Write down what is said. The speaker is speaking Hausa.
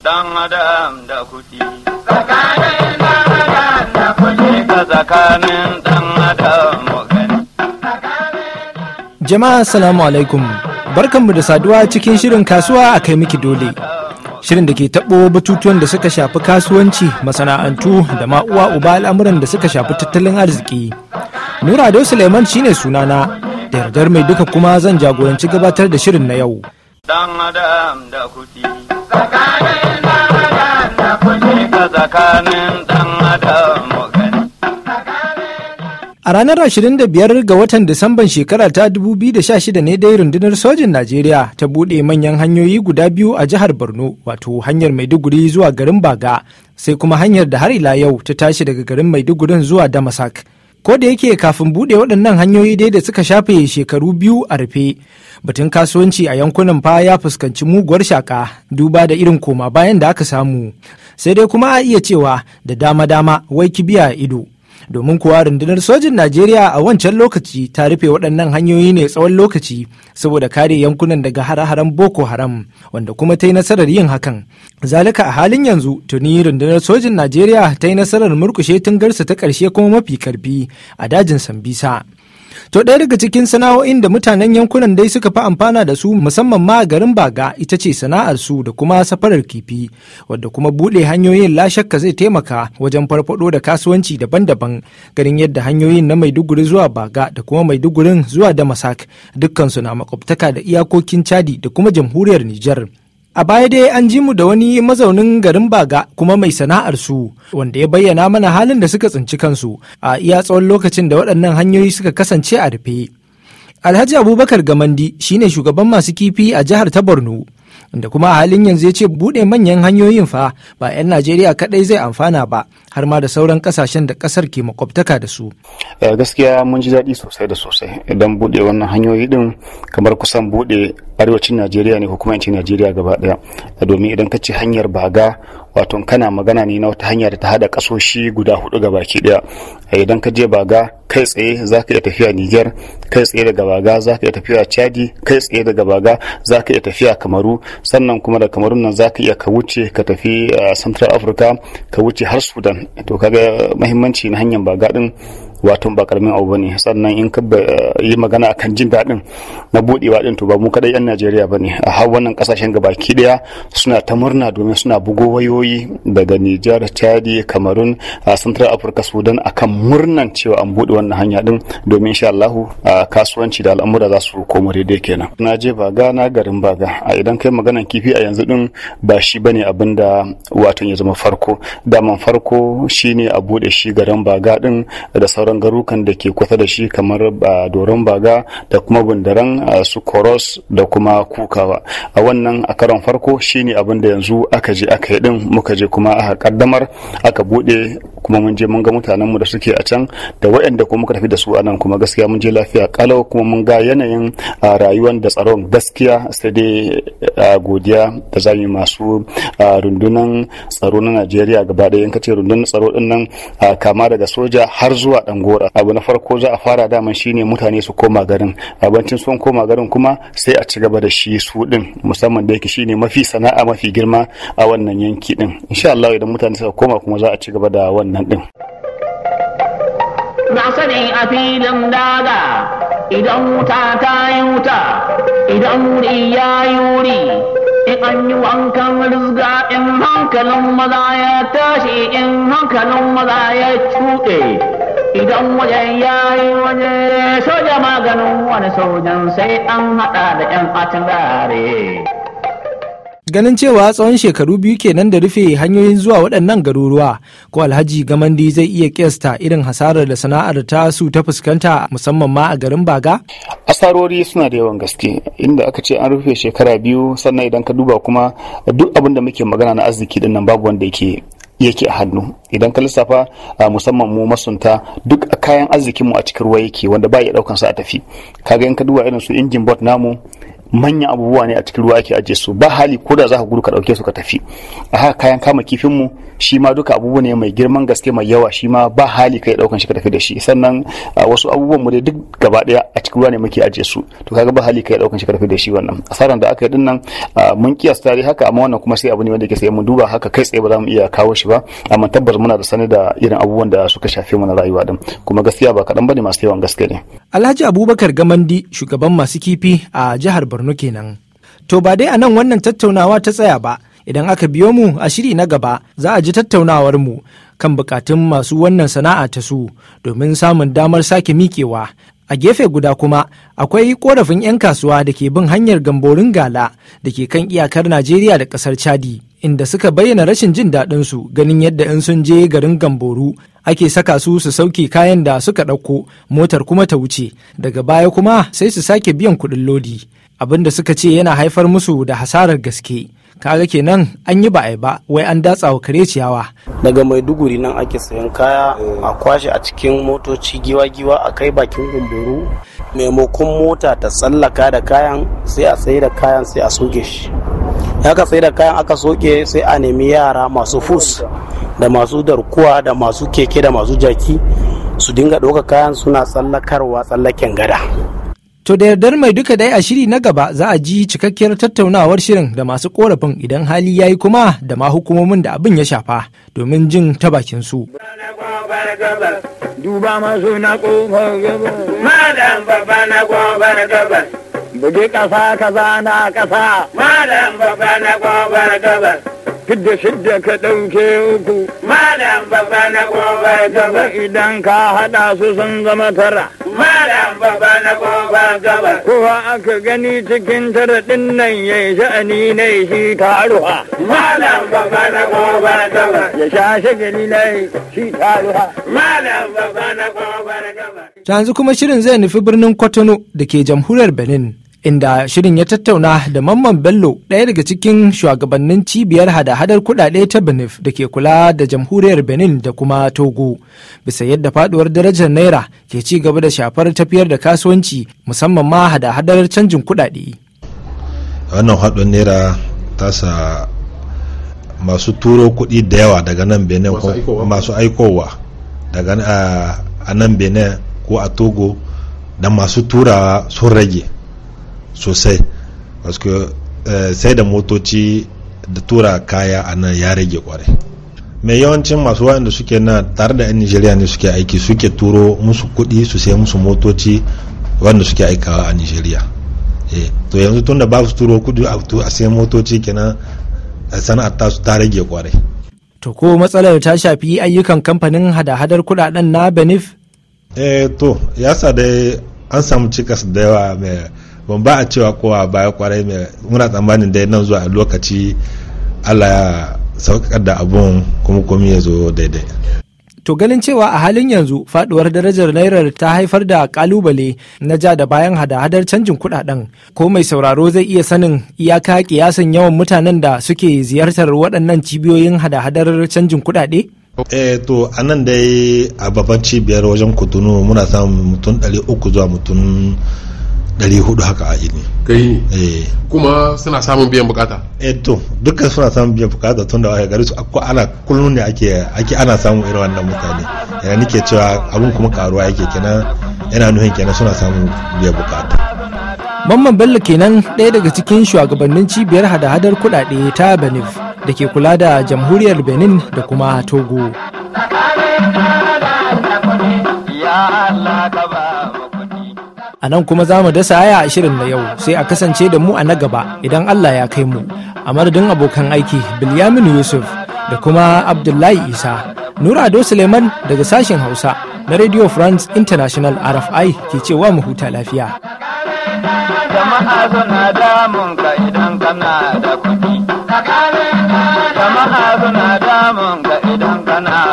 Dan adam da kuɗi. da Jama'a salamu alaikum. Barkanmu da saduwa cikin shirin kasuwa a kai miki dole. Shirin da ke taɓo batutuwan da suka shafi kasuwanci, masana'antu da ma'uwa uba al'amuran da suka shafi tattalin arziki. Nura da Suleiman shine sunana, da yardar mai duka kuma zan jagoranci gabatar da shirin na yau. dan adam da kuti Tsakanin dan adam da A ranar 25 ga watan Disamban shekara ta 2016 ne dai rundunar sojin Najeriya ta buɗe manyan hanyoyi guda biyu a jihar Borno wato hanyar Maiduguri zuwa garin Baga sai kuma hanyar da har ila yau ta tashi daga garin Maidugurin zuwa Damasak. ko da yake kafin bude waɗannan hanyoyi dai da suka shafe shekaru biyu a rufe batun kasuwanci a yankunan fa ya fuskanci muguwar shaka duba da irin koma bayan da aka samu sai dai kuma a iya cewa da dama-dama wai kibiya ido domin kuwa rundunar sojin najeriya a wancan lokaci ta rufe waɗannan hanyoyi ne tsawon lokaci saboda kare yankunan daga hare-haren boko haram wanda kuma ta yi nasarar yin hakan zalika a halin yanzu tuni rundunar sojin najeriya ta yi nasarar murkushe tungarsa ta ƙarshe kuma mafi karfi a dajin sambisa To ɗaya daga cikin sana'o'in da mutanen yankunan dai suka fi amfana da su musamman ma garin Baga ita ce sana'ar su da kuma safarar kifi wadda kuma buɗe hanyoyin lashakka zai taimaka wajen farfaɗo da kasuwanci daban-daban ganin yadda hanyoyin na Maiduguri zuwa Baga da kuma Maidugurin zuwa Damasak dukkansu na makwabtaka da iyakokin Chadi da kuma jamhuriyar Nijar. A baya dai an ji mu da wani mazaunin garin Baga kuma mai sana'ar su wanda ya bayyana mana halin da suka tsinci kansu a iya tsawon lokacin da waɗannan hanyoyi suka kasance a rufe. Alhaji Abubakar Gamandi shine shugaban masu kifi a jihar ta Borno da kuma a halin yanzu ya ce buɗe manyan hanyoyin fa ba 'yan Najeriya kaɗai zai amfana ba har ma da sauran kasashen da ƙasar ke makwabtaka da su. Eh, gaskiya mun ji daɗi sosai da sosai idan buɗe wannan hanyoyi ɗin kamar kusan buɗe arewacin najeriya ne ko yancin najeriya gaba daya domin idan ka ce hanyar baga wato kana magana ne na wata hanya da ta hada kasoshi guda hudu ga baki daya a eh, idan ka je baga kai tsaye za ka iya tafiya niger kai tsaye daga baga za ka iya tafiya chadi kai tsaye daga baga za ka iya tafiya kamaru sannan kuma da kamarun nan za ka iya ka wuce ka tafi eh, central africa ka wuce har sudan to kaga mahimmanci na hanyar baga din wato ba karamin abu bane sannan in ka eh, yi magana akan jin daɗin na budewa din to ba mu kaɗai yan Najeriya bane a har wannan kasashen gabaki daya suna ta murna domin suna bugo wayoyi daga Nijar, Chadi, Cameroon, Central Africa, Sudan akan murnan cewa an buɗe wannan hanya din domin insha Allah kasuwanci da al'amura za su komo daidai kenan na je baga na garin baga a idan kai maganan kifi a yanzu din ba shi bane abin da wato ya zama farko daman farko shine a bude shi garin baga din da sauran sauran garukan da ke kusa da shi kamar doron baga da kuma bundaran su koros da kuma kukawa a wannan a karon farko shine abin da yanzu aka je aka yi din muka je kuma aka kaddamar aka bude kuma mun je mun ga mutanenmu da suke a can da waɗanda kuma muka tafi da su a nan kuma gaskiya mun je lafiya kalau kuma mun ga yanayin rayuwar da tsaron gaskiya sai dai godiya da zamu masu rundunan tsaro na Najeriya gaba ɗaya in ka ce rundunar tsaro din nan kama daga soja har zuwa dan gora abu na farko za a fara daman shine mutane su koma garin abincin sun koma garin kuma sai a ci gaba da shi su din musamman da yake shine mafi sana'a mafi girma a wannan yanki din insha Allah idan mutane suka koma kuma za a ci gaba da wannan din na sani a filin daga idan wuta ta yi wuta idan wuri ya yi wuri in an yi wankan rizga in hankalin maza ya tashi in hankalin maza ya cuɗe idan wajen ya yi waje soja maganin wani sojan sai an haɗa da 'yan atilare. Ganin cewa tsawon shekaru biyu kenan da rufe hanyoyin zuwa waɗannan garuruwa, ko Alhaji Gamandi zai iya kesta irin hasarar da sana'ar tasu ta fuskanta musamman ma a garin Baga? Asarori suna da yawan gaske, inda aka ce an rufe shekara biyu sannan idan ka duba kuma duk abin da muke magana na arziki din babu wanda yake yake a hannu idan ka lissafa musamman mu masunta duk kayan arzikin mu a cikin ruwa yake wanda ba ya daukan sa a tafi kaga in ka duba irin su injin bot namu manyan abubuwa ne a cikin ruwa ake ajiye su ba hali ko da za ka gudu ka ɗauke su ka tafi a haka kayan kama kifin mu shi ma duka abubuwa ne mai girman gaske mai yawa shi ma ba hali kai ɗaukan shi ka tafi da shi sannan wasu abubuwan mu dai duk gaba ɗaya a cikin ruwa ne muke ajiye su to kaga ba hali kai ɗaukan shi ka tafi da shi wannan asaran da aka yi din nan mun kiyasta dai haka amma wannan kuma sai abu ne wanda ke sai mun duba haka kai tsaye ba za mu iya kawo shi ba amma tabbas muna da sani da irin abubuwan da suka shafe mana na rayuwa din kuma gaskiya ba kaɗan bane masu yawan gaske ne Alhaji Abubakar Gamandi shugaban masu kifi a jihar Borno borno kenan to ba dai a nan wannan tattaunawa ta tsaya ba idan aka biyo mu a shiri na gaba za a ji tattaunawar mu kan bukatun masu wannan sana'a ta su domin samun damar sake miƙewa a gefe guda kuma akwai korafin 'yan kasuwa da ke bin hanyar gamborin gala da ke kan iyakar najeriya da kasar chadi inda suka bayyana rashin jin daɗin su ganin yadda in sun je garin gamboru ake saka su su sauke kayan da suka ɗauko motar kuma ta wuce daga baya kuma sai su sake biyan kuɗin lodi abin da suka ce yana haifar musu da hasarar gaske kaga kenan an yi ba ba wai an datsa wa kare ciyawa daga maiduguri nan ake sayan kaya a kwashe a cikin motoci giwa-giwa a kai bakin gumburu maimakon mota ta tsallaka da kayan sai a sai da kayan sai a soke shi haka sai da kayan aka soke sai a nemi yara masu fus da masu darkuwa da masu keke da masu jaki su dinga ɗauka kayan suna tsallakarwa tsallaken gada To da yardar mai duka dai a shiri na gaba za a ji cikakkiyar tattaunawar shirin da masu korafin idan hali ya yi kuma da ma hukumomin da abin ya shafa domin jin ta bakin su. Duba masu na kofar na kofar Buge kasa kaza na kasa. Madam babba na kofar gabar. Fidda shidda ka ɗauke uku. Madam babba na kofar gabar. Idan ka haɗa su sun zama tara. malam baba na kowa gaba. Kowa aka gani cikin taradin nan ya yi sha'ani na shi taruwa. Malam baba na kowa gaba. Ya sha shagali na shi taruwa. Malam baba na kowa gaba. Yanzu kuma shirin zai nufi birnin Kwatano da ke jamhuriyar Benin. inda shirin ya tattauna da Mamman Bello ɗaya daga cikin shugabannin cibiyar hada-hadar kuɗaɗe ta Benif da ke kula da jamhuriyar Benin da kuma Togo. Bisa yadda faduwar darajar Naira ke ci gaba da shafar tafiyar da kasuwanci musamman ma hada-hadar canjin kuɗaɗe. Wannan haɗin Naira ta sa masu turo kuɗi da yawa daga nan Benin masu aikowa daga ah, nan Benin ko a Togo da masu turawa sun rage. sosai wasu eh, sai da motoci da tura kaya a nan ya rage kwarai mai yawancin masu wayanda suke na tare da 'yan nigeria ne suke aiki suke turo musu kuɗi su sai musu motoci wanda suke aikawa a nigeria eh, to yanzu tun da ba su turo kuɗi a sai motoci kenan sana'ar su ta rage kwarai to ko matsalar ta shafi ayyukan kamfanin hada-hadar kudaden na benif eh to sa dai an samu cikas da yawa mai eh, ban ba a cewa kowa baya kwarai mai muna tsammanin dai nan zuwa lokaci allah ya saukar da abun kuma komi ya zo daidai to ganin cewa a halin yanzu faduwar darajar nairar ta haifar da kalubale na ja da bayan hada-hadar canjin kudaden ko mai sauraro zai iya sanin iyaka kiyasan yawan mutanen da suke ziyartar waɗannan cibiyoyin hada-hadar canjin kudade eh to a nan dai a babban cibiyar wajen kutunu muna samun mutum 300 zuwa mutum 400 haka a ini kai eh kuma suna samun biyan bukata eh to dukkan suna samun biyan bukata tun da gari su ko ana kullun ne ake ake ana samun irin wannan mutane yana nike cewa abun kuma karuwa yake kenan yana nuhin kenan suna samun biyan bukata Mamman Bello kenan ɗaya daga cikin shugabannin cibiyar hada-hadar kuɗaɗe ta Benin da ke kula da jamhuriyar Benin da kuma Togo. A nan kuma za mu dasa a shirin na yau sai a kasance da mu a na gaba idan Allah ya kai mu. A madadin abokan aiki Bilyamin Yusuf da kuma Abdullahi Isa. Nura Ado Suleiman daga sashen Hausa na Radio France International RFI ke cewa mu huta lafiya. Jama'a suna damun ka idan kana da kuɗi. Jama'a suna damun ka idan kana